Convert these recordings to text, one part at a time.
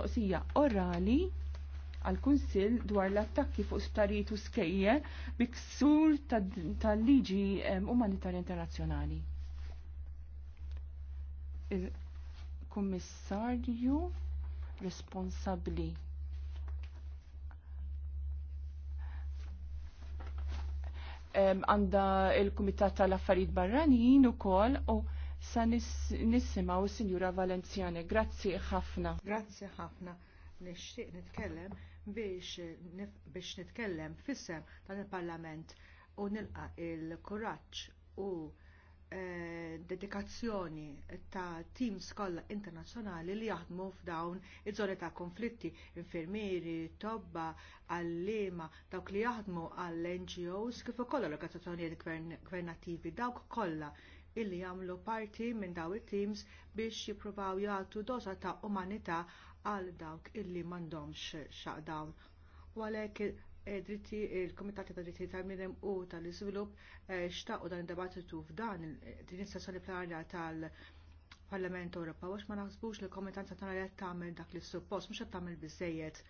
mistoqsija orali għal-Kunsil dwar l-attakki fuq sptarijiet u skejje biksur tal-liġi umanitarja internazzjonali. Il-Kummissarju responsabli għanda il-Kumitat tal-Affarijiet Barranin u kol u sa u Sinjura Valenziane, Grazzi ħafna. Grazzi ħafna. Nixtieq nitkellem biex, biex nitkellem fissem dan il-Parlament u nilqa il-kuraġġ u eh, dedikazzjoni ta' teams kollha internazzjonali li jaħdmu f'dawn iż-żoni ta' konflitti, infermieri, tobba, għallima, dawk li jaħdmu għall-NGOs kif ukoll organizzazzjonijiet gvernattivi dawk kollha illi jagħmlu parti minn daw it-teams biex jippruvaw jagħtu doza ta' umanità għal dawk illi m'għandhomx xaqdawn. U għalhekk eh, dritti il-Komitati ta' Dritti tal-Mirem u tal-Iżvilupp eh, xtaqqu dan id-dibattitu f'dan eh, din is-sessjoni plenarja tal-Parlament Ewropew għax ma naħsbux li l-Komitanza tagħna qed tagħmel dak li suppost mhux qed tagħmel biżżejjed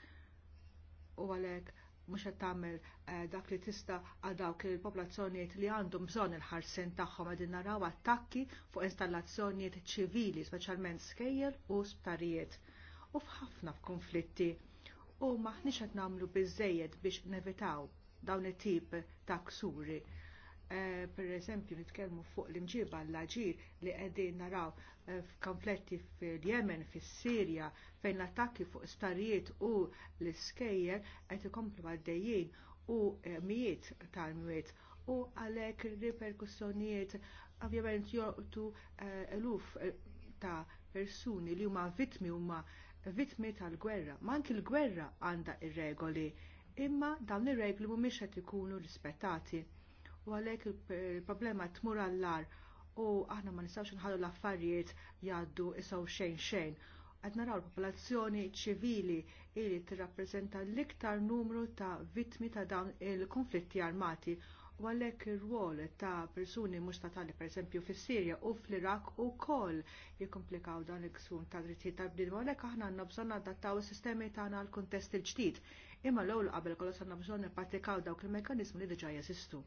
u għalhekk mhux qed tagħmel eh, dak li tista' għal dawk il-popolazzjonijiet li għandhom bżonn il-ħarsien tagħhom qegħdin naraw attakki fuq installazzjonijiet ċivili, speċjalment skejjer u sptarijiet. U f'ħafna f'konflitti. U maħniex qed nagħmlu biżżejjed biex nevitaw dawn it-tip ta' ksuri Eh, per eżempju nitkellmu fuq l-imġiba l-aġir li qegħdin naraw eh, f'konfletti fil-Yemen, fis-Sirja, fejn l-attakki fuq starijiet u l-iskejjer qed ikomplu għaddejjin u eh, mijiet tal-mwiet u għalhekk riperkussjonijiet ovvjament jorqtu eluf ta' persuni li huma vittmi huma vittmi tal-gwerra. Ma anki l-gwerra għandha ir-regoli, imma dawn ir-regoli mhumiex qed ikunu rispettati u għalhekk il-problema tmur għall-ar u aħna ma nistgħux nħallu l-affarijiet jgħaddu isew xejn xejn. Qed naraw l-popolazzjoni ċivili li tirrappreżenta l-iktar numru ta' vittmi ta' dawn il-konflitti armati u għalhekk ir-rwol ta' persuni mhux statali pereżempju fis-Sirja u fl-Iraq ukoll jikkomplikaw dan il-ksun ta' drittijiet tal-bdien u għalhekk aħna għandna bżonn adattaw is-sistemi tagħna għall kuntest il-ġdid imma l-ewwel qabel kollox għandna bżonn nippratikaw dawk il-mekkaniżmi li diġà jeżistu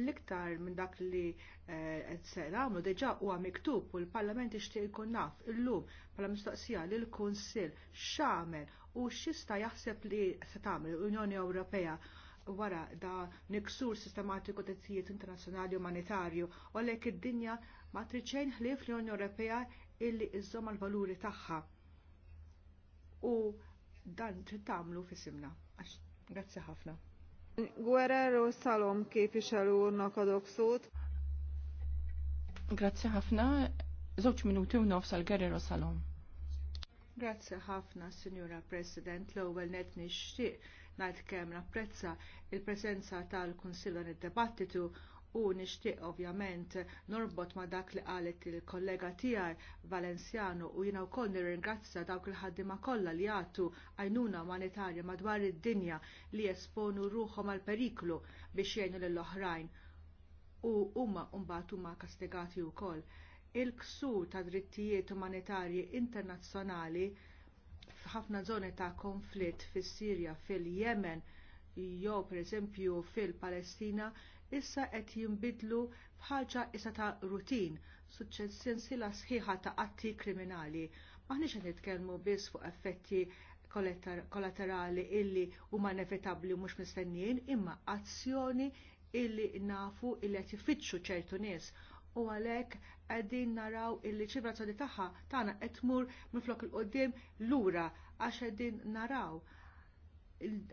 l-iktar minn dak li eh, qed se nagħmlu diġà huwa miktub u l-Parlament ixtieq ikun naf illum bħala mistoqsija lil kunsill x'għamel u x'jista' jaħseb li se tagħmel l-Unjoni Ewropea wara da niksur sistematiku tazzijiet internazzjonali umanitarju u għalhekk id-dinja ma triċejn ħlief l-Unjoni Ewropea illi iżżomm l-valuri tagħha. U dan trid tagħmlu fisimna. Grazzi ħafna. Guerrero Salom képviselő úrnak adok szót. Grazie ħafna. Żewġ minuti u nofs għal Guerrero Salom. Grazie ħafna, Signora President. L-ewwel net nixtieq ngħid kemm napprezza il-preżenza tal-Kunsill id-dibattitu il preżenza tal kunsilla nid debattitu u nixtieq ovvjament norbot ma dak li qalet il-kollega tiegħi Valenciano u jiena wkoll nirringrazzja dawk il-ħaddiema kollha li jagħtu għajnuna umanitarja madwar id-dinja li jesponu ruħhom għal periklu biex jgħinu lill-oħrajn u huma mbagħad huma kastigati wkoll. Il-ksur ta' drittijiet umanitarji internazzjonali f'ħafna żoni ta' konflitt fis-Sirja, fil-Yemen, jew pereżempju fil-Palestina issa qed jinbidlu bħaġa issa ta' rutin, suċċess sensiela sħiħa ta' atti kriminali. Maħniex qed nitkellmu biss fuq effetti kollaterali illi huma inevitabbli mhux mistennijin, imma azzjoni illi nafu illi qed jifittxu ċertu nies u għalhekk qegħdin naraw illi ċivrazzjoni tagħha tagħna qed tmur minflok il-qudiem lura għax qegħdin naraw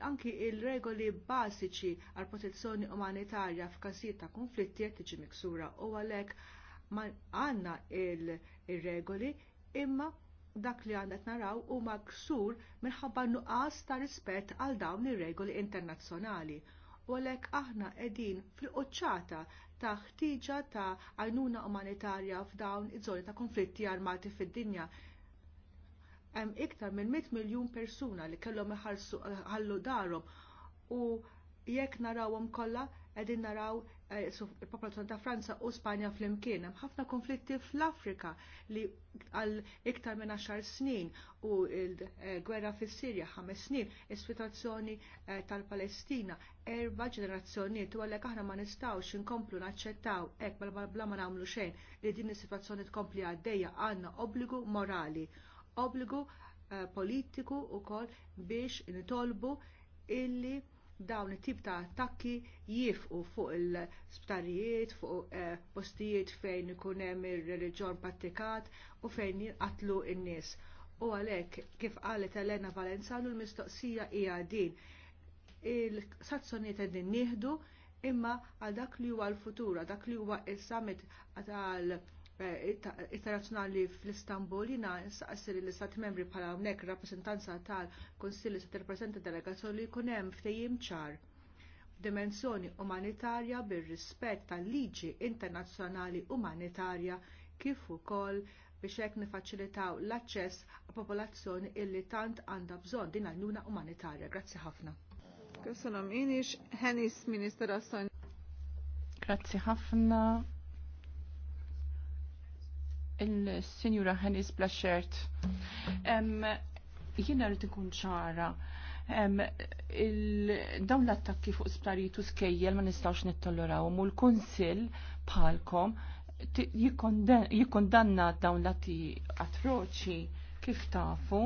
anki il-regoli bażiċi għal protezzjoni umanitarja f'każijiet ta' konflitti qed tiġi miksura u għalhekk għandna il-regoli imma dak li għandet naraw huma ksur minħabba nuqqas ta' rispett għal dawn ir-regoli internazzjonali. U għalhekk aħna qegħdin fil quċċata ta' ħtiġa ta' għajnuna umanitarja f'dawn iż-żoni ta' konflitti armati fid-dinja hemm iktar minn 100 miljun persuna li kellhom iħallsu darhom u jekk narawhom kollha qegħdin naraw eh, il-popolazzjoni ta' Franza u Spanja flimkien. Hemm ħafna konflitti fl-Afrika li għal iktar minn 10 snin u l-gwerra fis-Sirja ħames snin, is-sitwazzjoni eh, tal-Palestina erba' ġenerazzjonijiet u għalhekk aħna ma nistgħux inkomplu naċċettaw hekk bla ma nagħmlu xejn li din is-sitwazzjoni tkompli għaddejja għandna obbligu morali obbligu eh, politiku wkoll biex nitolbu illi dawn it-tip ta' attakki jifqu fuq il-sptarijiet, fuq eh, postijiet fejn ikun hemm ir-reliġjon prattikat u fejn jinqatlu n-nies. U għalhekk kif qalet Elena Valenzano l-mistoqsija hija din. Il-sazzjonijiet qegħdin nieħdu imma għal dak li huwa l-futur, dak li huwa is-summit tal- Eh, internazzjonali fl-Istanbul jina saqsir li stat membri bħala hawnhekk rappresentanza tal kunsilli se tirrappreżenta delegazzjoni li jkun hemm ftehim ċar dimensjoni umanitarja bir-rispett tal-liġi internazzjonali umanitarja kif ukoll biex hekk nifaċilitaw l-aċċess għal popolazzjoni illi tant għandha bżonn din għajnuna umanitarja. Grazzi ħafna. Kessanam inix, Henis Grazzi ħafna il-Sinjura Hennis Blaschert. Jiena rrid ikun ċara. Dawn l-attakki fuq splaritu skejjel ma nistawx nittolloraw, u l-Kunsill bħalkom jikondanna dawn l-atti atroċi kif tafu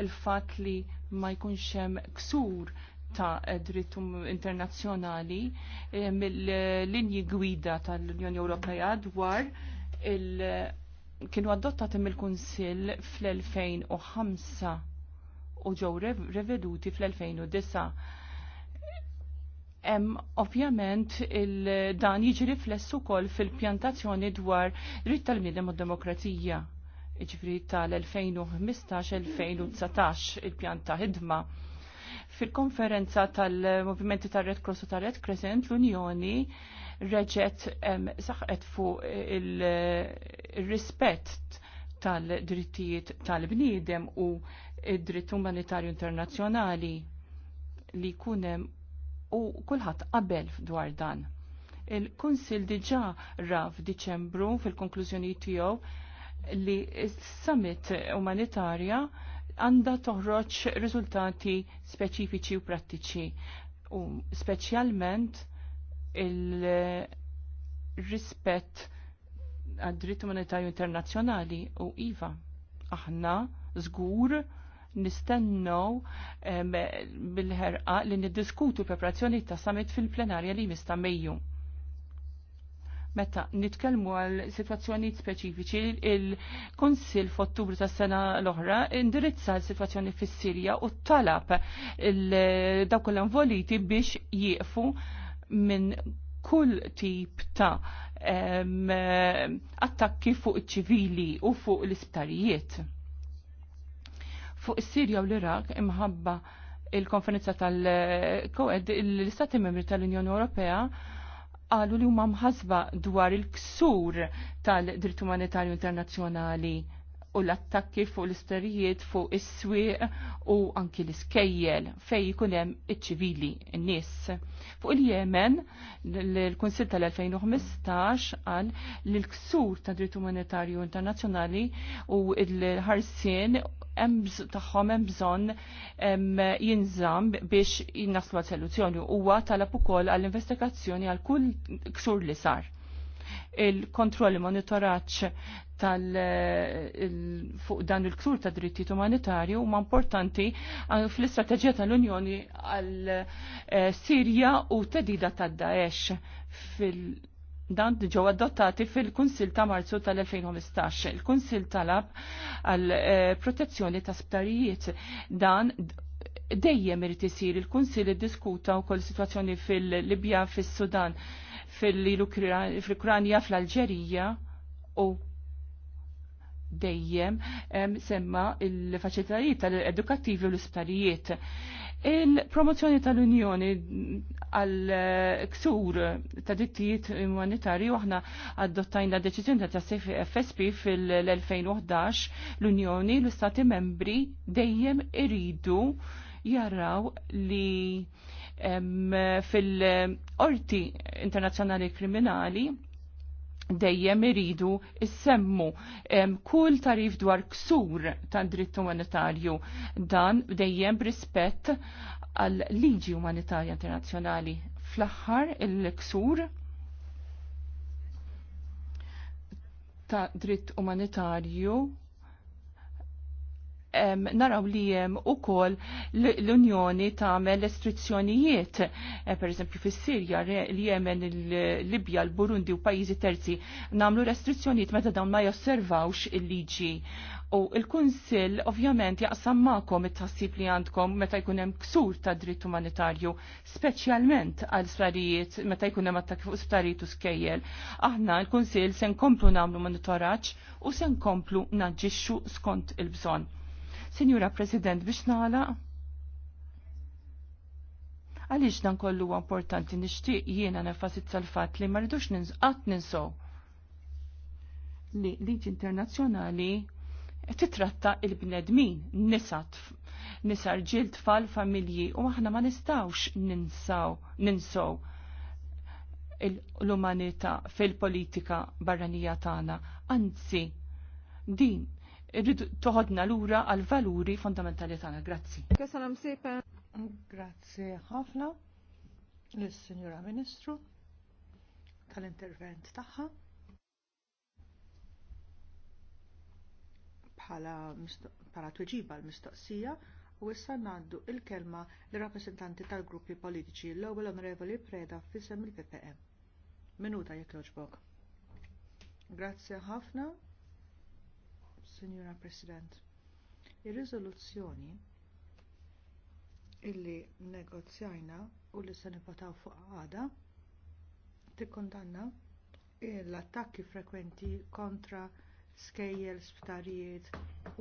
il-fat li ma jkunx hemm ksur ta' drittum internazzjonali mill-linji gwida tal-Unjoni Ewropea dwar il- kienu adottati mill-Kunsill fl-2005 u ġew reveduti fl-2009. Em, ovvjament dan jiġi riflessu kol fil-pjantazzjoni dwar dritt tal-bniedem u demokrazija. Iġifri tal-2015-2019 il-pjanta ħidma. Fil-konferenza tal-Movimenti tal-Red Cross u tal-Red Crescent l-Unjoni reġet saħqet fuq il-rispett tal-drittijiet tal-bniedem u id-dritt umanitarju internazzjonali li kunem u kulħadd qabel dwar dan. Il-Kunsil diġà ra f'Diċembru fil-konklużjoni tiegħu li s-summit umanitarja għandha toħroġ riżultati speċifiċi u prattiċi u speċjalment il-rispett għad-dritt monetarju internazzjonali u IVA. Aħna żgur nistennow bil-ħerqa li niddiskutu preparazzjoni ta' summit fil-plenarja li mista' Mejju. Meta nitkellmu għal situazzjoni speċifiċi, il-Konsil f'Ottubru tas sena l-oħra indirizza l-situazzjoni fis-Sirja u talab dawk l-involiti biex jieqfu minn kull tip ta' um, attakki fuq ċivili u fuq l-isptarijiet. Fuq is-Sirja u l-Irak imħabba il-konferenza tal-Koed l-Istati Membri tal-Unjoni Ewropea qalu li huma mħasba dwar il-ksur tal-dritt umanitarju internazzjonali u l-attakki fuq l-isterijiet fuq is-swieq u anki l-iskejjel fej jkun hemm iċ-ċivili n-nies. Fuq il jemen l konsil tal-2015 qal li l-ksur ta' dritt umanitarju internazzjonali u l-ħarsien tagħhom hemm bżonn jinżamm biex jinnaslu għal soluzzjoni huwa talab ukoll għall-investigazzjoni għal kull ksur li sar il-kontrolli monitoraċ tal fuq dan il-ksur ta' drittijiet umanitarju huma importanti eh, fl-istrateġija tal-Unjoni għal eh, Sirja u tedida tad Daesh fil dan ġew adottati fil-Kunsil ta' Marzu tal-2015. Il-Kunsil talab għal eh, protezzjoni ta' sptarijiet dan dejjem irid isir il-Kunsil iddiskuta wkoll situazzjoni fil-Libja fis-Sudan. fil libja fis sudan fil-Ukranja fl-Alġerija u dejjem semma il-faċilitajiet tal-edukattivi u l-isptarijiet. Il-promozzjoni tal-Unjoni għal eh, ksur ta' dittijiet umanitarji aħna adottajna deċiżjoni ta' FSP fil-2011 l-Unjoni l istati membri dejjem iridu jaraw li fil-qorti internazzjonali kriminali dejjem iridu issemmu kull tarif dwar ksur ta' dritt umanitarju dan dejjem rispett għal liġi umanitarja internazzjonali fl-aħħar il-ksur ta' dritt umanitarju em, naraw li jem u kol l-Unjoni tamel restrizzjonijiet, e, per eżempju fis sirja li jemen l-Libja, l-Burundi u pajizi terzi, namlu restrizzjonijiet meta dawn ma josservawx il-liġi. U il-Kunsil ovvjament jaqsam ma'kom it-tassib li għandkom meta jkun hemm ksur ta' dritt umanitarju, speċjalment għal sfarijiet meta jkun hemm attakki fuq sfarijiet u skejjel. Aħna l-Kunsil se nkomplu nagħmlu monitoraġġ u se nkomplu naġġixxu skont il-bżonn Sinjura President, biex nagħlaq? Għaliex dan kollu importanti nixtieq jiena nefasizza l-fatt li ma rridux qatt ninsow li liġi internazzjonali titratta il-bnedmin, nisat, nisar ġil tfal familji u aħna ma nistawx ninsaw, l-umanita fil-politika barranija tagħna. Anzi, din irridu toħodna lura għal valuri fondamentali tagħna. Grazzi. Kesanam sepen. Grazzi ħafna lis-Sinjura Ministru tal-intervent tagħha. Bħala bħala tweġiba l-mistoqsija u issa ngħaddu l kelma lir-rappreżentanti tal-gruppi politiċi l-ewwel Onorevoli Preda fisem il-PPM. Minuta jekk jogħġbok. Grazzi ħafna, Sinjura President. Ir-riżoluzzjoni illi negozjajna u li se nipataw fuq għada tikkondanna l-attakki frekwenti kontra skejjel, sptarijiet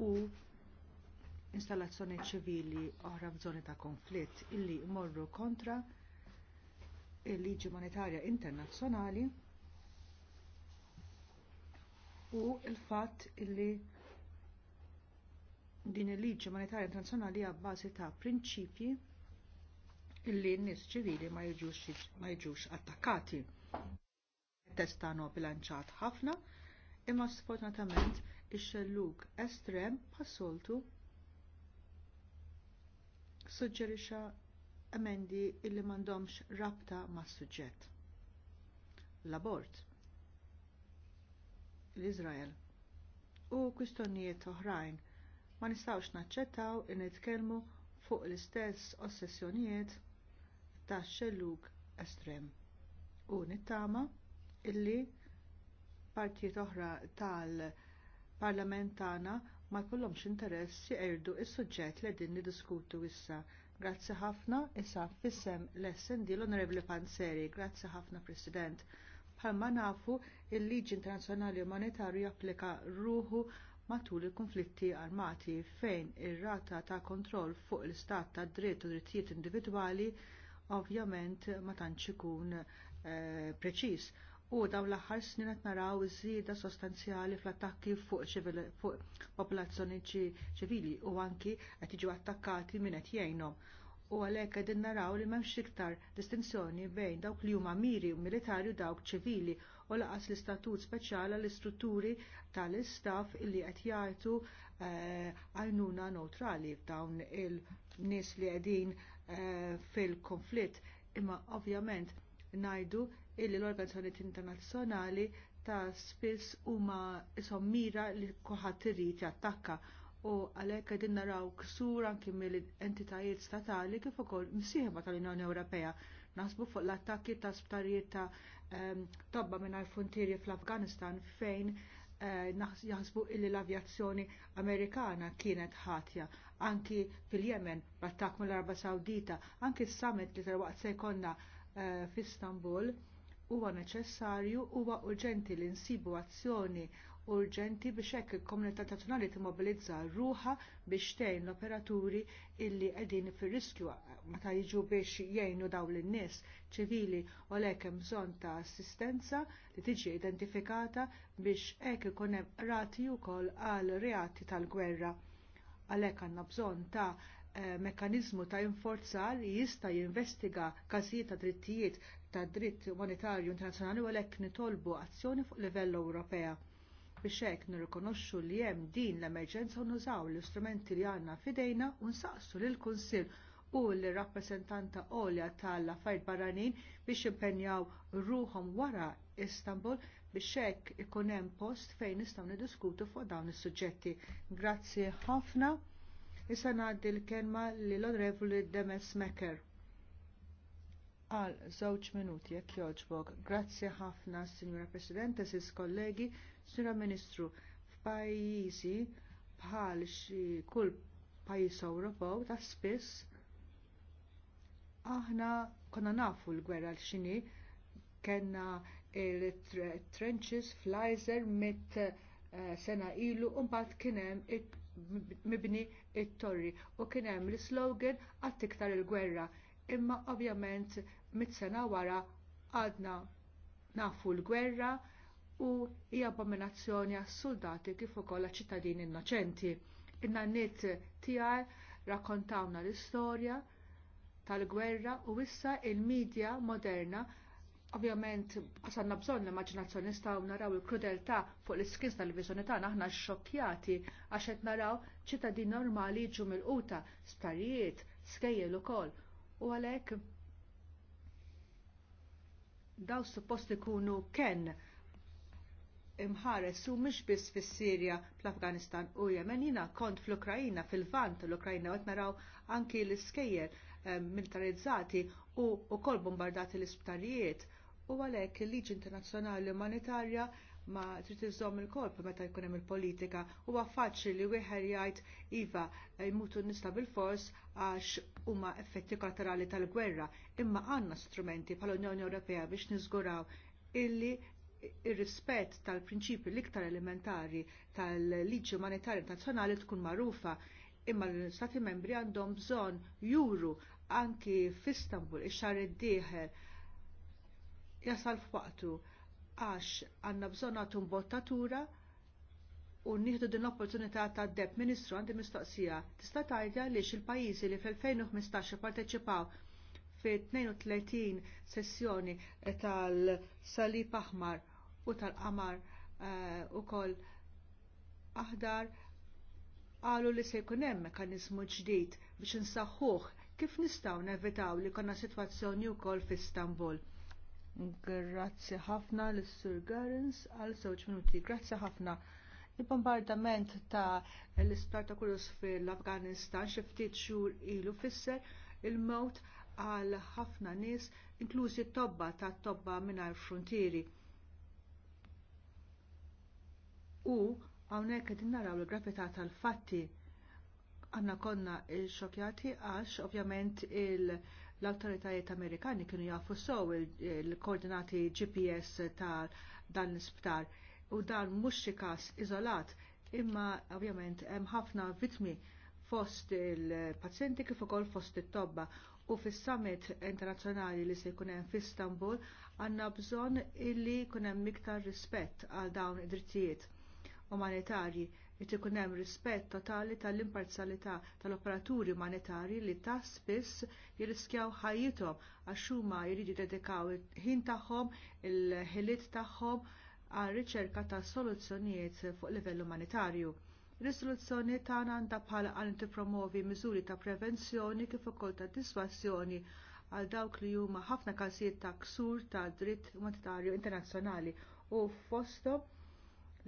u installazzjoni ċivili oħra f'żoni ta' konflitt illi jmorru kontra il-liġi umanitarja internazzjonali u l il fatt illi din il-liġi monetarja internazzjonali hija bbażi ta' prinċipji li n-nies ċivili ma jiġux attakkati. Testa no bilanċat ħafna, imma sfortunatament ix xelluk estrem passoltu suġġerixxa emendi illi m'għandhomx rabta mas suġġett. L-abort, l-Izrael u kwistjonijiet oħrajn ma nistgħux naċċettaw in nitkellmu fuq l-istess ossessjonijiet tax xellug estrem. U nittama illi partijiet oħra tal-parlament tagħna ma jkollhomx interess jgħirdu s suġġett li din niddiskutu issa. Grazzi ħafna issa fissem l-SND l-Onorevoli Panzeri, grazzi ħafna President. Bħalma nafu il-Liġi Internazzjonali Umanitarju japplika ruħu matul il-konflitti armati fejn ir-rata ta' kontroll fuq l-istat tad dritt u drittijiet individwali ovvjament ma tantx ikun eh, preċiż. U dawn l-aħħar snin qed naraw iż-żieda sostanzjali fl-attakki fuq, popolazzjoni ċivili u anki qed jiġu attakkati minn qed jgħinhom. U għalhekk qegħdin naraw li m'hemmx iktar distinzjoni bejn dawk li huma miri militari u dawk ċivili u laqas l-istatut speċjali l-istrutturi tal-istaff illi qed jagħtu eh, għajnuna neutrali f'dawn il-nies li qegħdin eh, fil-konflitt. Imma ovvjament ngħidu illi l organizzazzjoni internazzjonali ta' spiss huma isom mira li kulħadd irid jattakka u għalhekk qegħdin naraw ksur anki mill-entitajiet statali kif ukoll msieħba tal-Unjoni Ewropea Nasbu fuq l-attakki ta' sptarijiet ta' tobba mingħajr funtieri fl-Afganistan fejn eh, jaħsbu illi l-avjazzjoni Amerikana kienet ħatja anki fil-Jemen b'attakk mill-Arba Sawdita, anki s-summit li tarwaqt se jkollna eh, f'Istanbul huwa neċessarju huwa urġenti li nsibu azzjoni urġenti biex hekk il-komunità internazzjonali timmobilizza r-ruha biex tgħin l-operaturi illi qegħdin fir-riskju meta jiġu biex jgħinu dawn lin-nies ċivili u għalhekk hemm bżonn ta' assistenza li tiġi identifikata biex hekk ikun hemm rati wkoll għal reati tal-gwerra. Għalhekk għandna bżonn ta' eh, mekkaniżmu ta' inforzar li jista' jinvestiga każijiet ta' drittijiet tad dritt umanitarju internazzjonali u għalhekk nitolbu azzjoni fuq livell Ewropea biex hekk nirrikonoxxu li hemm din l-emerġenza u nużaw l-istrumenti li għandna f'idejna u nsaqsu lill kunsill u l-rappreżentanta għolja tal-affarijiet barranin biex impenjaw ruhom wara Istanbul biex hekk ikun hemm post fejn nistgħu niddiskutu fuq dawn is-suġġetti. Grazzi ħafna. Issa ngħaddi l-kelma lill onorevoli Demes Mecker. Għal żewġ minuti jekk jogħġbok. Grazzi ħafna, Signora President, eżis kollegi, Sira Ministru, f'pajjiżi bħal xi kull pajjiż Ewropew ta' spiss aħna konna nafu l-gwerra l-xini kellna il-trenches fl mit eh, sena ilu u mbagħad kien hemm mibni t torri u kien hemm l-slogan għat iktar il-gwerra imma ovvjament mit sena wara għadna nafu l-gwerra u hija abominazzjoni għas-soldati kif ukoll ċittadini innoċenti. In-nannit tiegħi rakkontawna l-istorja tal-gwerra u issa il-medja moderna ovvjament għasanna bżonn l-immaġinazzjoni staw naraw il-krudeltà fuq l-iskins tal-viżjoni tagħna aħna xokjati għax qed naraw ċittadini normali jiġu mill-quta, sparijiet, skejjel ukoll. U għalhekk daw suppost ikunu kenn imħares u mhux biss fis-Sirja, fl-Afganistan u Yemen. Jiena kont fl ukraina fil-Vant l-Ukrajna qed naraw anki l-iskejjer eh, militarizzati u wkoll bombardati l-isptarijiet u għalhekk il-Liġi Internazzjonali Umanitarja ma trid iżżomm il-korp meta jkun hemm il-politika huwa faċli li wieħed jgħid iva jmutu nista bil-fors għax huma effetti kollaterali tal-gwerra imma għandna strumenti bħall-Unjoni Ewropea biex niżguraw illi ir-rispett tal-prinċipi l-iktar elementari tal-liġi umanitarja internazzjonali tkun magħrufa imma l-Stati membri għandhom bżonn juru anki f'Istanbul ix-xahar id-dieħel jasal f'waqtu għax għandna bżonn nagħtu mbottatura u nieħdu din l-opportunità ta' deb ministru għandi mistoqsija. Tista' tgħidha għaliex il-pajjiżi li fl-2015 ipparteċipaw fi 32 sessjoni tal-Salib Aħmar u tal-qamar eh, ukoll aħdar qalu li se jkun hemm mekkaniżmu ġdid biex insaħħuh kif nistgħu nevitaw li konna sitwazzjoni wkoll f'Istanbul. Grazzi ħafna lis sur Garens għal żewġ minuti. Grazzi ħafna. Il-bombardament ta' l-Spartakulus fil-Afganistan xi ftit xhur ilu fisser il-mewt għal ħafna nies, inklużi t tobba tat tobba mingħajr frontieri u hawnhekk qed naraw il-gravità tal-fatti għanna konna xokjati għax ovvjament l-autoritajiet Amerikani kienu jafu sew il-koordinati GPS ta' dan l-isptar u dan mhux xi każ iżolat imma ovvjament hemm ħafna vittmi fost il-pazjenti kif ukoll fost it-tobba u fis-summit internazzjonali li se jkun hemm f'Istanbul għandna bżonn illi jkun hemm iktar rispett għal dawn id-drittijiet umanitarji li ikun hemm rispett totali tal-imparzjalità tal-operaturi umanitarji li ta' spiss jirriskjaw ħajjithom għax huma jridu jiddedikaw il-ħin tagħhom, il-ħiliet tagħhom għal riċerka ta' soluzzjonijiet fuq livell umanitarju. Risoluzzjoni tagħna għandha bħala għal tippromovi miżuri ta' prevenzjoni kif ukoll ta' diswazzjoni għal dawk li huma ħafna każijiet ta' ksur ta' dritt umanitarju internazzjonali u fosthom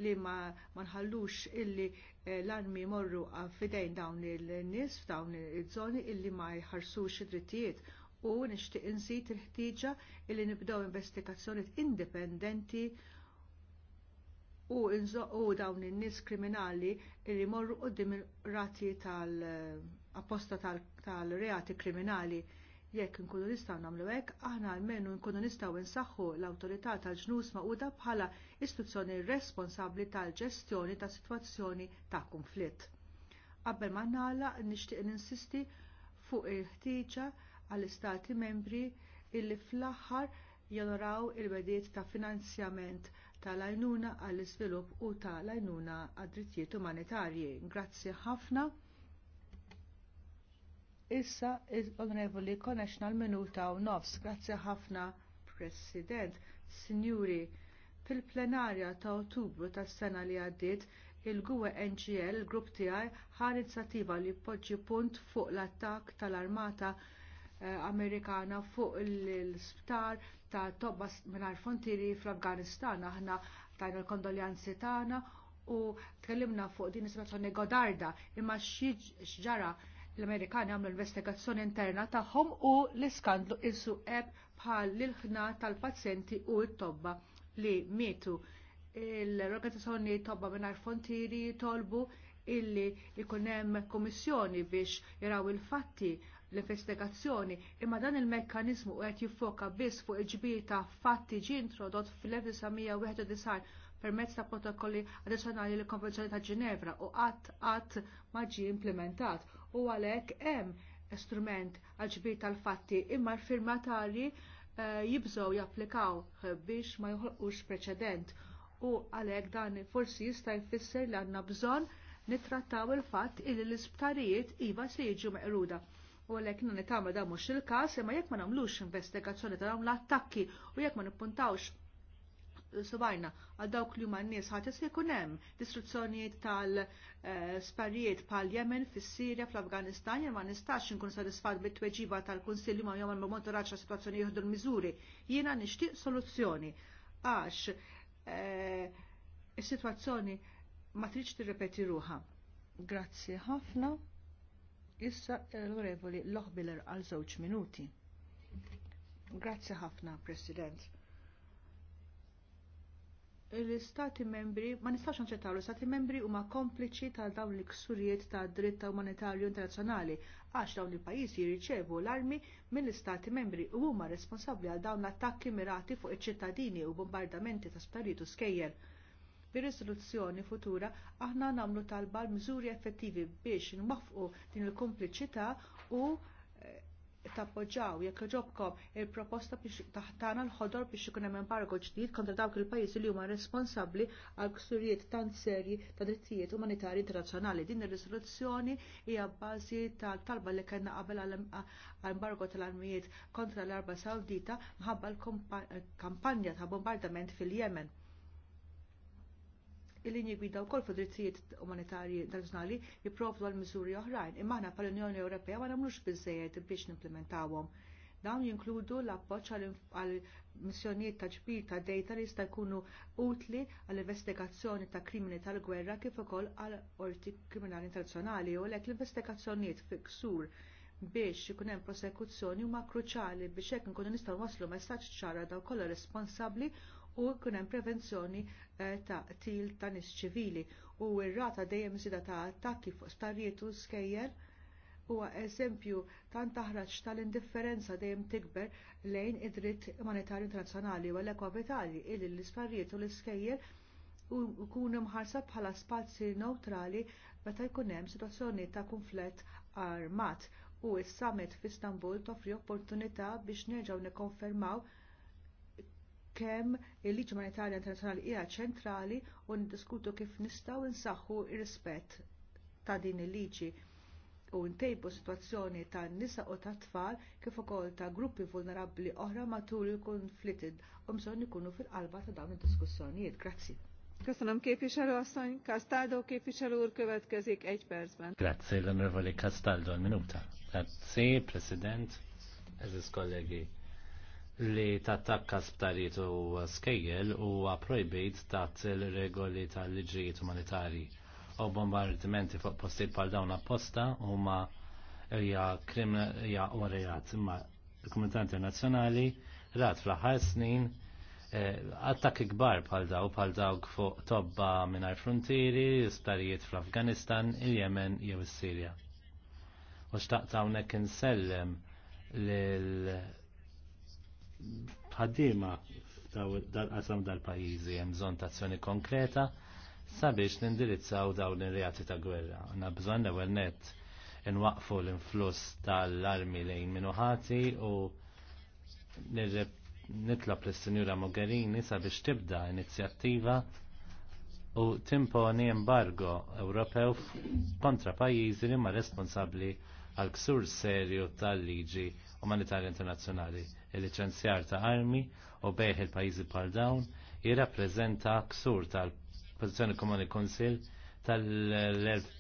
li ma, ma nħallux illi eh, l-armi morru fidejn dawn il-nies f'dawn iż-żoni illi ma jħarsux id-drittijiet u nixtieq insit il ħtiġa illi nibdew investigazzjonijiet indipendenti u, u dawn in-nies kriminali li morru qudiem rati tal-apposta tal-reati tal eh, kriminali Jekk nkunu nistgħu nagħmlu hekk, aħna għalmenu nkunu nistgħu nsaħħu l-awtorità tal-ġnus maquda bħala istituzzjoni responsabbli tal-ġestjoni ta' sitwazzjoni ta' kunflitt. Qabel ma nagħlaq nixtieq ninsisti fuq il-ħtieġa għall-istati membri illi fl-aħħar jonoraw il-wediet ta' finanzjament tal-għajnuna għall-iżvilupp u tal-għajnuna għad-drittijiet umanitarji. Grazzi ħafna. Issa, onorevoli, konneċna l-minuta u nofs, grazzi ħafna, President, Signuri, fil-plenarja ta' ottubru tas sena li għaddiet, il-Gwe NGL, grupp tiegħi, ħar inizjattiva li jpoġġi punt fuq l-attak tal-Armata eh, Amerikana fuq l isptar ta' Tobba mingħajr frontieri fl-Afganistan. Aħna tajna l-kondoljanzi tagħna u tkellimna fuq din is-situazzjoni godarda imma xi xġara l-Amerikani għamlu investigazzjoni interna tagħhom u l-iskandlu insu eb bħal l-ħna tal-pazjenti u t-tobba li mietu. L-organizzazzjoni tobba mingħajr frontieri tolbu illi ikun hemm biex jaraw il-fatti l-investigazzjoni imma dan il mekkaniżmu qed jiffoka biss fuq il ta' fatti ġie introdott fl-1991 permezz ta' protokolli addizzjonali l konvenzjoni ta' Ġinevra u qatt qatt ma ġie implementat u għalhekk hemm strument għal ġbir tal-fatti imma l-firmatari eh, jibżgħu japplikaw biex ma joħolqux preċedent u għalhekk dan forsi jista' jfisser li għandna bżonn nittrattaw il-fatt illi l-isptarijiet iva se jiġu meqruda. U għalek nani tamma da mux il-kas, imma jekk ma namlux investigazzjoni ta' dawn l-attakki u jekk ma nippuntawx subajna għal dawk li huma n-nies ħatis se jkun hemm distruzzjonijiet tal-sparijiet eh, pal Yemen fis-Sirja fl-Afganistan jien ma nistax inkun sodisfat bit-tweġiba tal-Kunsill li ma jagħmel ma monitoraġġ situazzjoni jieħdu l-miżuri. Jiena nixtieq soluzzjoni għax eh, is-sitwazzjoni ma tridx tirrepeti ruha. Grazzi ħafna. Issa l-Onorevoli Loħbiler għal żewġ minuti. Grazzi ħafna, President l-istati membri, ma nistax nċettaw l-istati membri huma kompliċi ta' dawn l-iksurijiet ta' dritt umanitarju internazzjonali għax dawn il-pajjiżi jirriċevu l-armi mill-istati membri u huma responsabbli għal dawn l-attakki mirati fuq iċ-ċittadini u bombardamenti ta' u skejjer. Bir-riżoluzzjoni futura aħna nagħmlu talba l-miżuri effettivi biex nwaffqu din il kumpliċità u tappoġġaw jekk ġobkom il-proposta biex taħtana l-ħodor biex ikun hemm embargo ġdid kontra dawk il-pajjiżi li huma responsabbli għal ksurijiet tant serji ta' drittijiet umanitarji internazzjonali. Din ir-riżoluzzjoni hija bbażi tal-talba li kellna qabel għall-embargo tal-armijiet kontra l-Arba Sawdita mħabba l-kampanja ta' bombardament fil-Yemen il-linji gwida wkoll fuq drittijiet umanitarji internazzjonali jipprovdu għal miżuri oħrajn, imma aħna pal-Unjoni Ewropea ma nagħmlux biżżejjed biex nimplementawhom. Dawn jinkludu l-appoġġ għal missjonijiet ta' ġbir ta' dejta li jista' jkunu utli għall investigazzjoni ta' krimini tal-gwerra kif ukoll għal orti kriminali internazzjonali u lek l-investigazzjonijiet fi ksur biex ikun hemm prosekuzzjoni huma kruċjali biex hekk inkunu nistgħu waslu messaġġ ċara daw kollha responsabbli u jkun hemm prevenzjoni eh, ta' til ta' nies ċivili u r-rata dejjem iżida ta' attakki fuq sparijiet u skejjer huwa eżempju tant taħraġ tal-indifferenza dejjem tikber lejn id-dritt umanitarju internazzjonali u l vitali illi l-isparijiet u l-iskejjer jkunu mħarsa bħala spazji newtrali meta jkun hemm sitwazzjoni ta' kunflett armat u s-summit f'Istanbul toffri opportunità biex nerġgħu nikkonfermaw kemm il-liġi umanitarja internazzjonali hija ċentrali u ndiskutu kif nistgħu nsaħħu r-rispett ta' din il-liġi u ntejbu sitwazzjoni tan nisa u tat tfal kif ukoll ta' gruppi vulnerabbli oħra matul il-konflitt u bżonn ikunu fil-qalba ta' dawn id-diskussjonijiet. Grazzi. Köszönöm képviselő asszony. Castaldo képviselő úr következik egy percben. Grazie, l l'onorevole Castaldo, al minuta. Grazie, president, eżis kollegi li tattakka sptariet u skejjel huwa projbit tat il-regoli tal-liġijiet umanitarji u bombardimenti fuq postijiet bħal dawn apposta huma hija hija orejat imma l komunità Internazzjonali rat fl-aħħar snin eh, attakki kbar bħal daw pal dawk fuq tobba mingħajr frontieri, sptarijiet fl-Afganistan, il-Yemen jew is-Sirja. U ta' hawnhekk insellem lil ħaddiema dal-qasam dal-pajjiżi hemm bżonn ta' azzjoni konkreta sabiex nindirizzaw dawn ir-reati ta' gwerra. Għandna bżonn l-ewwel nett nwaqfu l-influss tal-armi lejn minuħati u nitlob l-Sinjura Mogherini sabiex tibda inizjattiva u timponi embargo Ewropew kontra pajjiżi li ma responsabbli għal ksur serju tal-liġi umanitarja internazzjonali il-licenzjar ta' armi u bejħ il-pajizi pal dawn jirrappreżenta ksur tal-Pozizjoni Komuni Konsil tal-8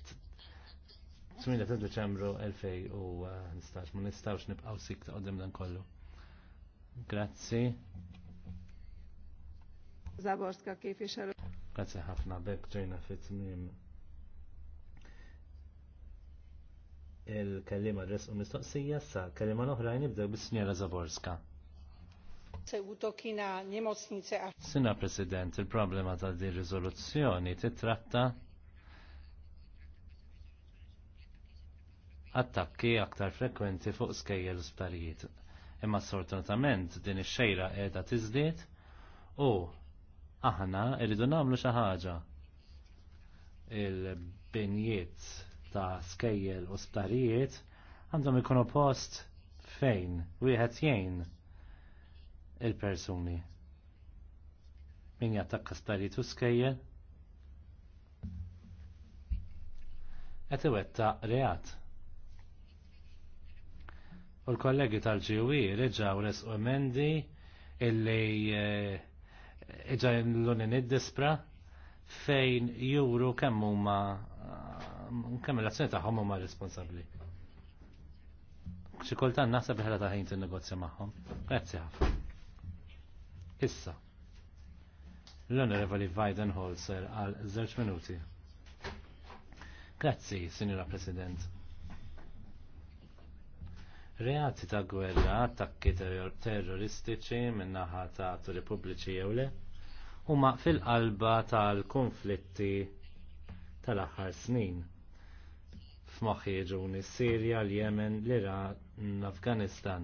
u nistax, Ma nistax nibqaw sikta qoddim dan kollu. Grazzi. Zaborska kif Grazzi ħafna bekk ġejna fit-tmim il-kellima res u mistoqsija sa kellima l-oħrajn nibdew bis-Sinjera Zaborska. Sina President, il-problema ta' di rizoluzzjoni titratta attakki aktar frekwenti fuq l sparijiet. Imma sfortunatament din ix-xejra qiegħda tiżdied u aħna rridu nagħmlu xi ħaġa. Il-binjiet ta' skejjel u sptarijiet għandhom ikunu post fejn wieħed jgħin il-persuni. Min jattakka sptarijiet u skejjel? Qed iwettaq reat. U l-kollegi tal-ġiwi reġaw u emendi illi eh, iġa l lunin id-dispra fejn juru kemm huma kemm l-azzjoni tagħhom huma responsabbli. Xi kultant naħseb li ħela taħin tin-negozja magħhom. Grazzi ħafna. Issa. L-Onorevoli Weidenholzer għal żewġ minuti. Grazzi, Sinjura President. Reati ta' gwerra, attakki terroristiċi minnaħa ta' turi pubbliċi jew le, huma fil-qalba tal-konflitti tal-aħħar snin f'moħħi ġuni Sirja, l-Jemen, l ira l-Afganistan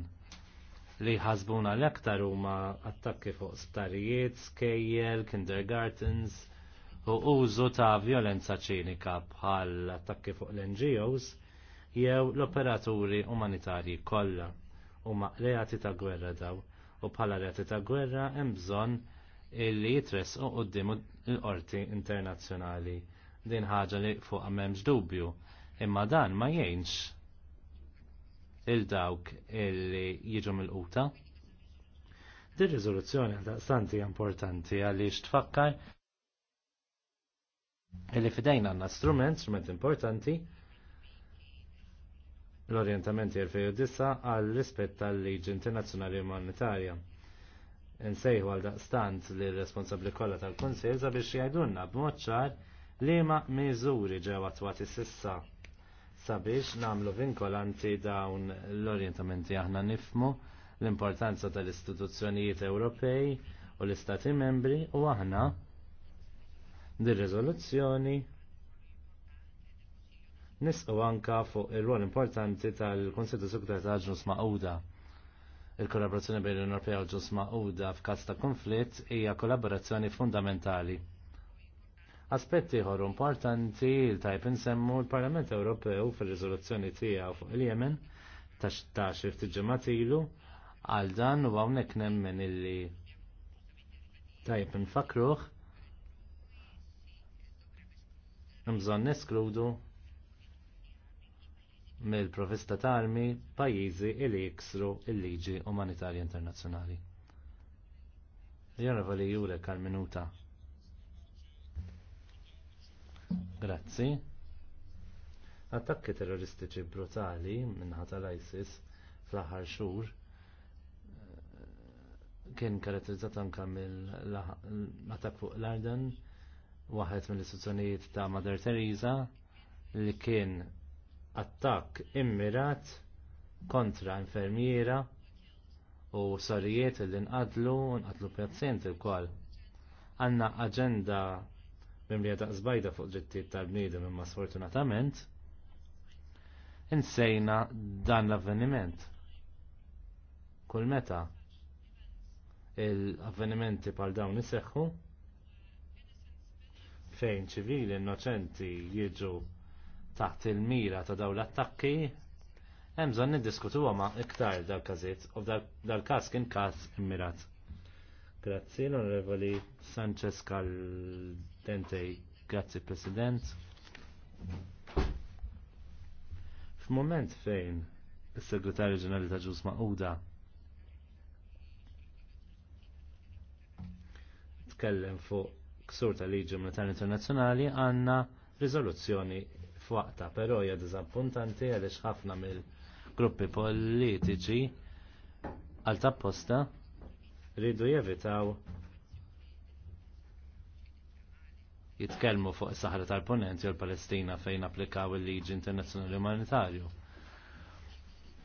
li ħasbuna l-aktar huma attakki fuq sptarijiet, skejjel, kindergartens u użu ta' violenza ċinika bħal attakki fuq l-NGOs jew l-operaturi umanitarji kollha huma reati ta' gwerra daw u bħala reati ta' gwerra hemm bżonn illi u quddiem l-qorti internazzjonali din ħaġa li fuq m'hemmx dubju Imma dan ma jgħinx il-dawk illi jiġu mill-quta. Din riżoluzzjoni daqstanti importanti għaliex tfakkar illi fidejna għandna strument, strument importanti, l-orientamenti Dissa għal rispett tal-liġi internazzjonali umanitarja. Insejħu għal daqstant li responsabli kollha tal-Kunsil sabiex jgħidulna b'mod ċar li ma miżuri ġew twati sissa sabiex namlu vinkolanti dawn l-orientamenti aħna nifmu l-importanza tal-istituzzjonijiet Ewropej u l-Istati membri u aħna di riżoluzzjoni nisqu anka fuq ir-rol importanti tal-Konsitu Sekretarju ta' Ġus Maquda. Il-kollaborazzjoni bejn l-Unjoni Ewropea u Ġus Maquda f'każ ta' konflitt hija kollaborazzjoni fundamentali. Aspetti ieħor importanti l tajp insemmu l-Parlament Ewropew fir-riżoluzzjoni tiegħu fuq il-Yemen ta' xtaxir t ilu għal dan u hawnhekk nemmen illi tajp nfakruħ mżon neskludu mill-provista ta' armi pajjiżi li jiksru il-liġi Umanitarji internazzjonali. Jarra vali jurek għal minuta. Grazzi. Attakki terroristiċi brutali ħata l isis fl-aħħar xhur eh, kien karatterizzat anka mill-attak fuq l-Arden, waħed mill-istituzzjonijiet ta' Mother Teresa li kien attakk immirat kontra infermiera u sorijiet li nqadlu nqatlu pazjenti wkoll. Għandna aġenda bim li għadaq zbajda fuq drittijiet tal-bnidem imma sfortunatament insejna dan l-avveniment. Kull meta l-avvenimenti pal dawn iseħħu fejn ċivili innoċenti jiġu taħt il-mira ta' dawn l-attakki hemm bżonn niddiskutuha ma' iktar dal-każiet u dal-każ kien każ immirat. Grazzi Lonorevoli Sanchez Caldente. grazie President. F'moment fejn is-Segretarju Ġenerali ta' Ġus Maquda tkellem fuq ksur tal-liġi umanitarju internazzjonali għandna riżoluzzjoni f'waqta, però hija diżappuntanti għaliex ħafna mill-gruppi politiċi għal tapposta ridu jevitaw jitkellmu fuq is-Saħra tal-Ponenti u l-Palestina fejn applikaw il-liġi internazzjonali umanitarju.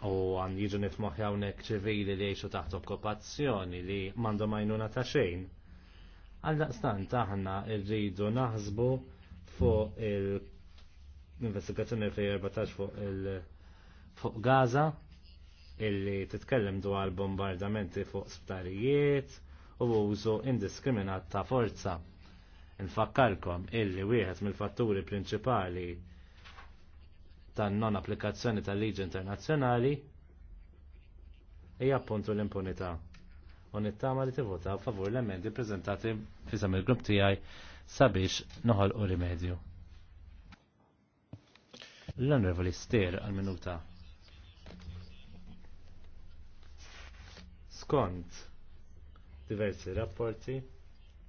U għan jiġu nifmoħ hawnhekk ċivili li jgħixu taħt okkupazzjoni li m'għandhom għajnuna ta' xejn. Għal daqstant aħna rridu naħsbu fuq il-investigazzjoni 14 fuq il-fuq Gaza illi titkellem dwar bombardamenti fuq sptarijiet u użu indiskriminat ta' forza. Nfakkarkom illi wieħed mill-fatturi prinċipali tan non applikazzjoni tal-liġi internazzjonali hija appuntu l-impunità. U nittama li tivvota favur l-emendi prezentati fi il-grupp tiegħi sabiex noħolqu rimedju. L-Onorevoli Stier għal-minuta. skont diversi rapporti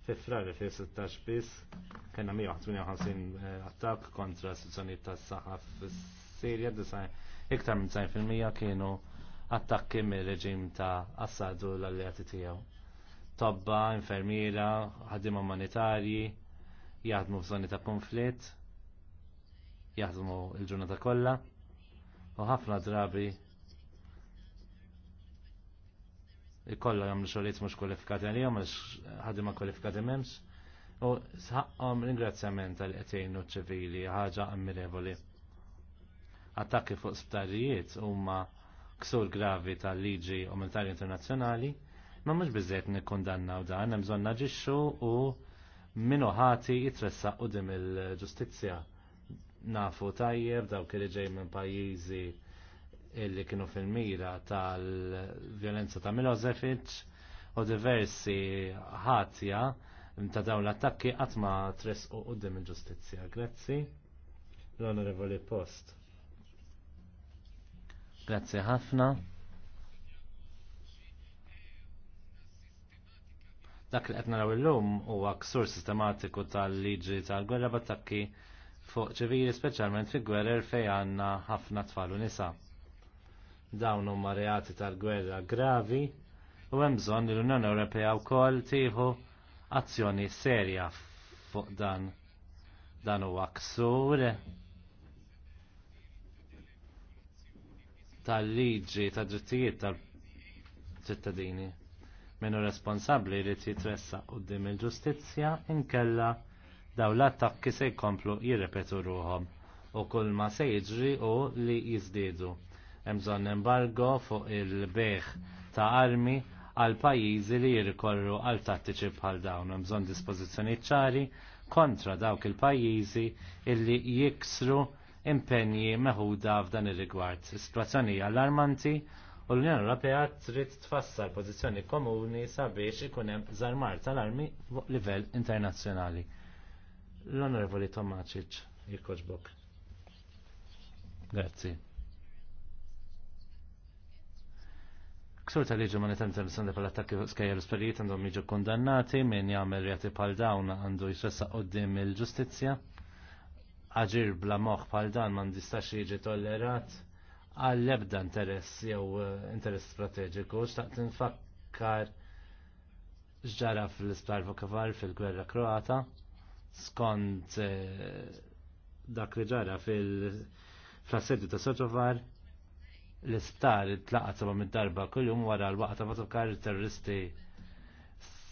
fi frar 2016 bis kena 158 attak kontra sezzjoni tas saħħa fis-Sirja iktar minn 90% kienu attakki mir reġim ta' Assad u l-alleati tiegħu. Tobba, infermiera, ħaddim umanitarji, jaħdmu f'żoni ta' konflitt, jaħdmu il ġurnata kollha u ħafna drabi ikollha jagħmlu xogħlijiet mhux kwalifikati għalihom għax ħadima kwalifikati memx U sħaqhom ringrazzjament għal qed jgħinu ċivili ħaġa ammirevoli. Attakki fuq sptarijiet huma ksur gravi tal-liġi umanitarja internazzjonali, ma mhux biżejt nikkundannaw dan, hemm bżonn naġixxu u minu ħati jitressa u dim il-ġustizzja nafu tajjeb dawk li ġej minn pajjiżi illi kienu fil-mira tal-violenza ta' Milosevic u diversi ħatja ta' dawn l-attakki għatma tres u għoddim il-ġustizja. Grazzi. L-Onorevoli Post. Grazzi ħafna. Dak li qed naraw illum huwa ksur sistematiku tal-liġi tal-gwerra b'attakki fuq ċivili speċjalment fi gwerra fej għandna ħafna tfal u nisa' dawn huma reati tal-gwerra gravi u hemm bżonn li l-Unjoni Ewropea wkoll tieħu azzjoni serja fuq dan dan huwa ksur tal-liġi tad drittijiet tal-ċittadini minnu responsabbli li titressa quddiem il-ġustizzja inkella daw l-attakki se jkomplu jirrepetu ruhom u kull ma se jiġri u li jiżdiedu hemm bżonn embargo fuq il-beħ ta' armi għal pajjiżi li jirrikorru għal tattiċi bħal dawn emżon bżonn ċari kontra dawk il-pajjiżi illi jiksru impenji meħuda f'dan ir-rigward. Is-sitwazzjoni allarmanti u l-Unjoni Ewropea trid tfassar pożizzjoni komuni sabiex ikun hemm żarmar tal-armi fuq livell internazzjonali. L-Onorevoli Tomacic jikkoġbok. Grazzi. ksur tal-liġi monetar internazjonali pal attakki skajer l-isperijiet għandhom jiġu kondannati minn jagħmel rjati pal dawn għandu jfessaq qoddim il-ġustizzja. Aġir bla moħħ pal dan man distax jiġi tollerat għall ebda interess jew eh, interess strateġiku xtaqt nfakkar ġara fl-isptar vokavar fil-gwerra kroata skont eh, dak li ġara fil-assedju ta' Soġovar l-isptar tlaqat sabba mid-darba kull-jum wara l-waqta ma tukar terroristi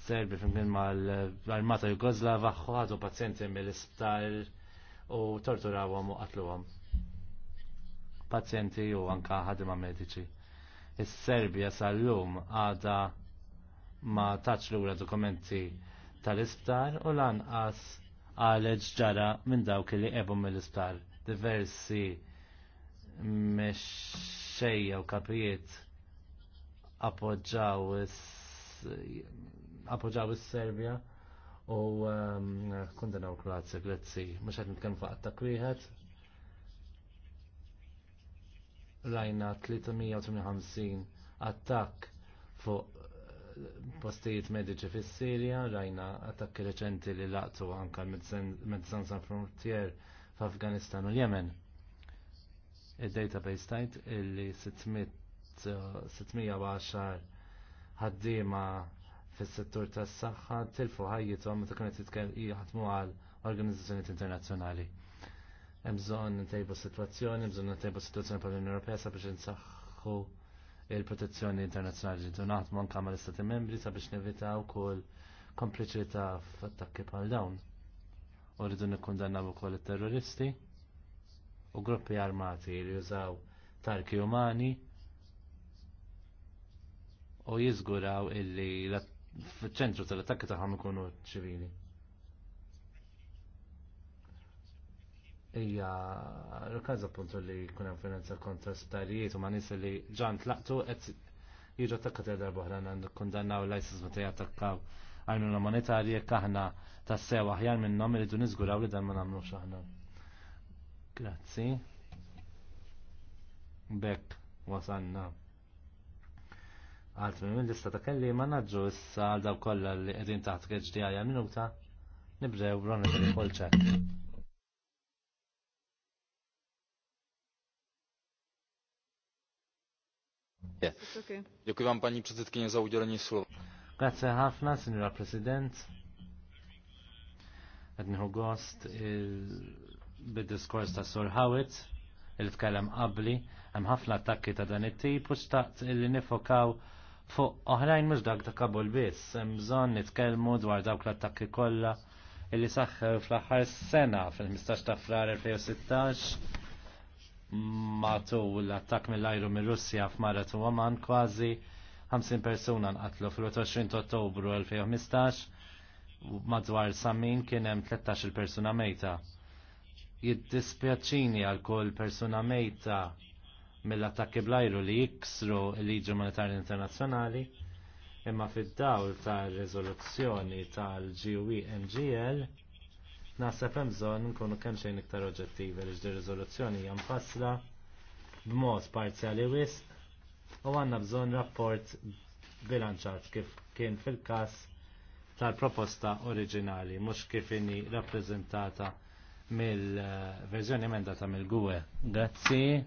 serbi fimkien ma l-armata Jugoslava ħadu pazjenti mill-isptar u torturawhom u qatluhom. Pazjenti u anka ħadima mediċi. Is-Serbja sal-lum għada ma taċ lura dokumenti tal-isptar u lanqas għaleġ ġara minn dawk li ebu mill-isptar. Diversi mex xejja u kapijiet appoġġaw appoġġaw is-Serbja u ehm, kondenaw Kroazja Grezzi. Mhux qed nitkellem fuq attak wieħed. Rajna 358 attakk fuq eh, postijiet mediċi fis sirja rajna attakki reċenti li laqtu anke mezz San Frontier f'Afganistan u l-Jemen il-database tajt illi 610 ħaddiema fis-settur tas-saħħa tilfu ħajjithom meta kienet jitkelmu għal organizzazzjonijiet internazzjonali. Hemm bżonn ntejbu sitwazzjoni, bżonn intejbu sitwazzjoni pal l-Unjoni Ewropea sabiex insaħħu il-protezzjoni internazzjonali ġidu naħdmu anke mal istati membri sabiex nevitaw kull kompliċità f'attakki bħal dawn. U rridu nikkundannaw ukoll it-terroristi u gruppi armati li jużaw tarki umani u jizguraw illi fil-ċentru tal-attakki tagħhom ikunu ċivili. Ija, l-kaz appuntu li kuna hemm finanza kontra starijiet u ma nisa li ġant tlaqtu et jiġu attakka għal darba oħra għandu kundannaw l-ISIS meta jattakkaw għajnuna monetarji jekk aħna tassew aħjar minnhom irridu niżguraw li dan ma nagħmlux xaħna. Grazzi. Bekk wasanna. Għalt minn lista ta' kelli ma naġġu issa għal daw kolla li qegħdin taħt għaja minuta nibdew Ronald Polċak. Dziękuję Wam Pani Przewodniczący za udzielenie słowa. Grazie ħafna, Signora President. Għadniħu gost bid-diskors ta' Sur Hawit, il-tkellem qabli, hemm ħafna attakki ta' dan it-tip u xtaqt illi nifokaw fuq oħrajn mhux dak ta' Kabul biss, hemm bżonn nitkellmu dwar dawk l-attakki kollha illi saħħew fl-aħħar sena fil-15 ta' frar 2016 matu l-attak mill-ajru mir Russja f'Marat u Oman kważi 50 persuna nqatlu fil 20 Ottobru 2015 madwar samin kien hemm 13 persuna mejta jiddispjaċini għal kull persuna mejta mill-attakki blajru li jiksru l-liġi umanitarju internazzjonali imma fid-dawl tal-riżoluzzjoni tal-GUE-NGL naħseb hemm bżonn nkunu kemm xejn iktar oġġettivi li ġdi riżoluzzjoni hija mfassla b'mod parzjali wisq u għandna bżonn rapport bilanċat kif kien fil-każ tal-proposta oriġinali mhux kif inhi rappreżentata mill-verżjoni emendata mill-Gwe. Grazzi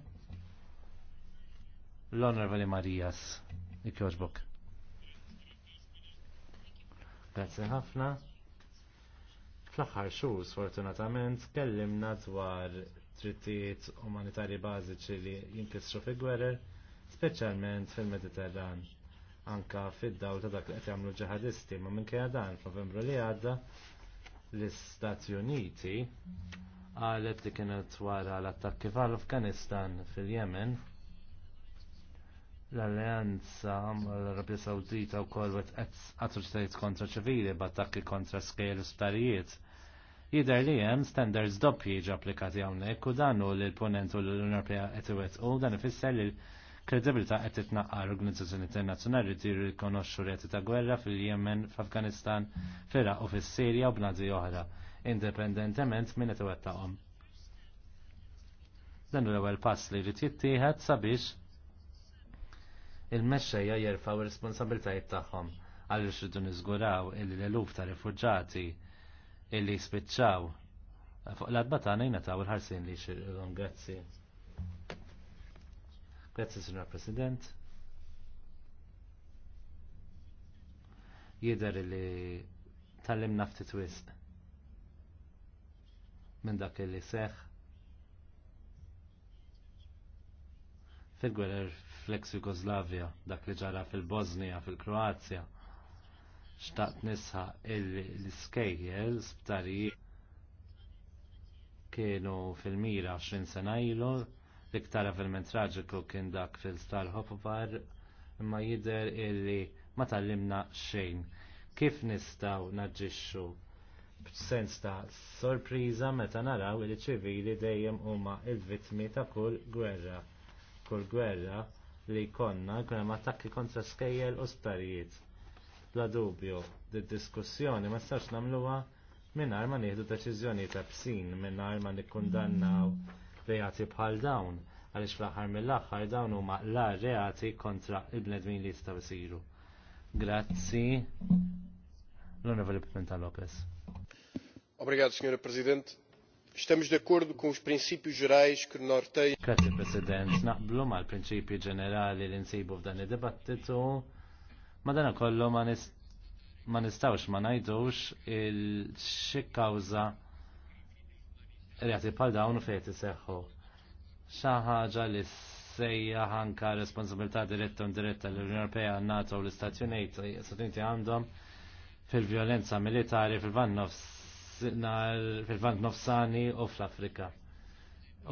l-Onorevoli Marijas, ikjoġbok. Grazzi ħafna. Fl-aħħar xus, fortunatament kellimna dwar trittijiet umanitarji bażiċi li jinkissru fi gwerer, speċjalment fil-Mediterran. Anka fid-dawl ta' dak li qed jagħmlu ġihadisti ma' minn dan f'Novembru li għadda l-Istati Uniti għalet li kienet wara l-attakki fl-Afganistan fil-Jemen l-alleanza mal-Arabja Sawdita u kolwet atroċitajiet kontra ċivili b'attakki kontra skejl sparijiet. Jider li hemm standards doppji ġi applikati hawnhekk u dan hu l-ponent u l-Unjoni Ewropea qed u dan ifisser li kredibilità qed titnaqqa l-organizzazzjoni internazzjonali li jirrikonoxxu reti ta' gwerra fil-Yemen, f'Afganistan, fil u fis-Sirja u bnadi oħra, indipendentement minn qed iwettaqhom. Dan l-ewwel pass li jrid jittieħed sabiex il-mexxejja jerfaw ir responsabbiltajiet tagħhom għaliex irridu niżguraw illi l-eluf ta' rifuġġati illi spiċċaw fuq l-adbatana jnataw il-ħarsin li xirqilhom grazzi. Grazie, Signor President. Jider li tal-lim nafti twist minn dak li seħ fil-gwerer flex Jugoslavia, dak li ġara fil-Bosnia, fil-Kroazja, xtaqt nisħa l-skejjel, sptarijiet kienu fil-mira 20 sena ilu, L-iktar avveniment traġiku kien dak fil star Hopovar, imma jidher illi ma tallimna xejn. Kif nistgħu naġġixxu b'sens ta' sorpriża meta naraw li ċivili dejjem huma l-vittmi ta' kull gwerra. Kull gwerra li konna jkun hemm attakki kontra skejjel u sptarijiet. Bla dubju, d-diskussjoni ma stax nagħmluha mingħajr ma nieħdu deċiżjoni ta' bsin, mingħajr ma nikkundannaw reati bħal dawn għalix fl axar mill axar dawn u la reati kontra il-bnedmin li jistaw siru. Grazzi. L-Onorevole Pimenta Lopez. Obrigado, Sr. President. Estamos de acordo com os princípios gerais que norteiam. Grazie, President. Naqblu ma l prinċipju ġenerali li nsibu f'dan il dibattitu Madana kollu ma nistawx ma najdux il-xi kawza Rjati pal dawn fejti seħħu. ħaġa li sejja ħanka responsabilità diretta u diretta l-Unjoni Europea NATO u l-Istati Uniti, s-sotinti għandhom fil-violenza militari fil-vant nofsani u fl-Afrika.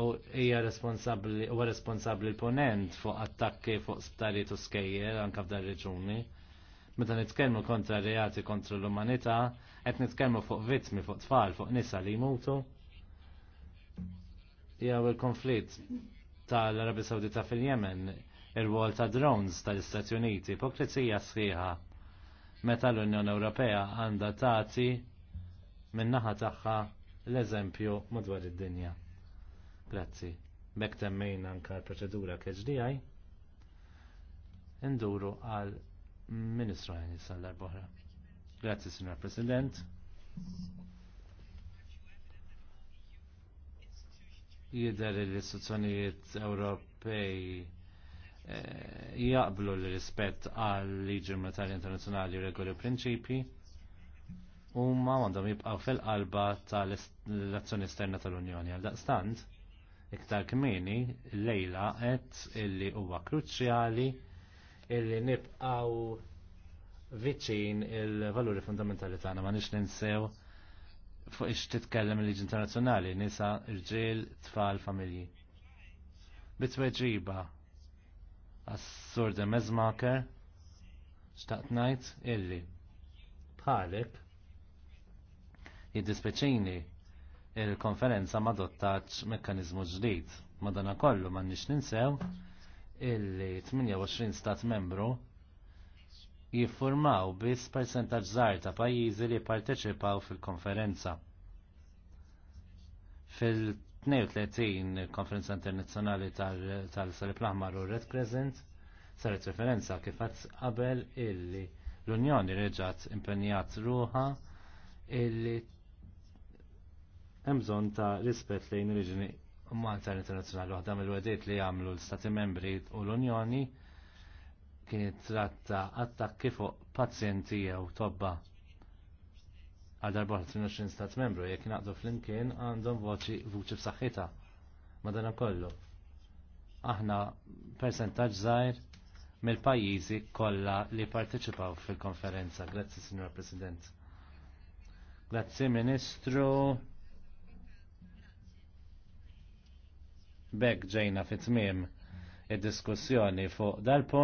U hija responsabli, u responsabli l-ponent fuq attakki fuq sptarijiet u skejjer anke f'dar reġuni. Meta nitkellmu kontra reati kontra l-umanità, qed nitkellmu fuq vittmi fuq tfal fuq nisa li jmutu jew il-konflitt tal-Arabi Sawdita fil-Yemen, ir-wol ta' drones tal-Istati Uniti, ipokrizija sħiħa meta l-Unjoni Ewropea għandha tati min-naħa tagħha l-eżempju madwar id-dinja. Grazzi. Bek temmejna anka l-proċedura KHDI. Induru għal Ministru Janis għall-Arbohra. Grazzi, Signor President. Jidher li l-istituzzjonijiet Ewropej eh, jaqblu l-rispett għal liġi monetarja internazzjonali u regoli u prinċipji huma għandhom jibqgħu fil-qalba tal-azzjoni esterna tal-Unjoni għal daqstant iktar kmini lejla qed illi huwa kruċjali illi nibqgħu viċin il-valuri fundamentali tagħna ma nix ninsew fuq ix titkellem il-liġi internazzjonali, nisa, irġiel, tfal, familji. Bitweġiba, għas-sur de mezmaker, xtaqt najt illi bħalek jiddispeċini il-konferenza ma dottaċ mekkanizmu ġdid. Madana kollu ma nix ninsew illi 28 stat membru jiffurmaw biss percentaġġ żgħar ta' pajjiżi li parteċipaw fil-konferenza. Fil-32 konferenza internazzjonali tal-Salib l-Aħmar u Red Crescent saret referenza kif qabel illi l-Unjoni reġgħet impenjat ruħa illi hemm bżonn ta' rispett lejn riġini Malta internazzjonali waħda mill-wedet li jagħmlu l-Stati membri u l-Unjoni kien tratta attakki fuq pazjenti jew tobba għal darba 23 stat membru jekk naqdu flimkien għandhom voċi vuċi f-saxħita. Madana kollu. Aħna percentaġġ żgħir mill-pajjiżi kollha li parteċipaw fil-konferenza. Grazzi, Signor President. Grazzi, Ministru. Bek ġejna fit-tmiem id-diskussjoni fuq dal-punt.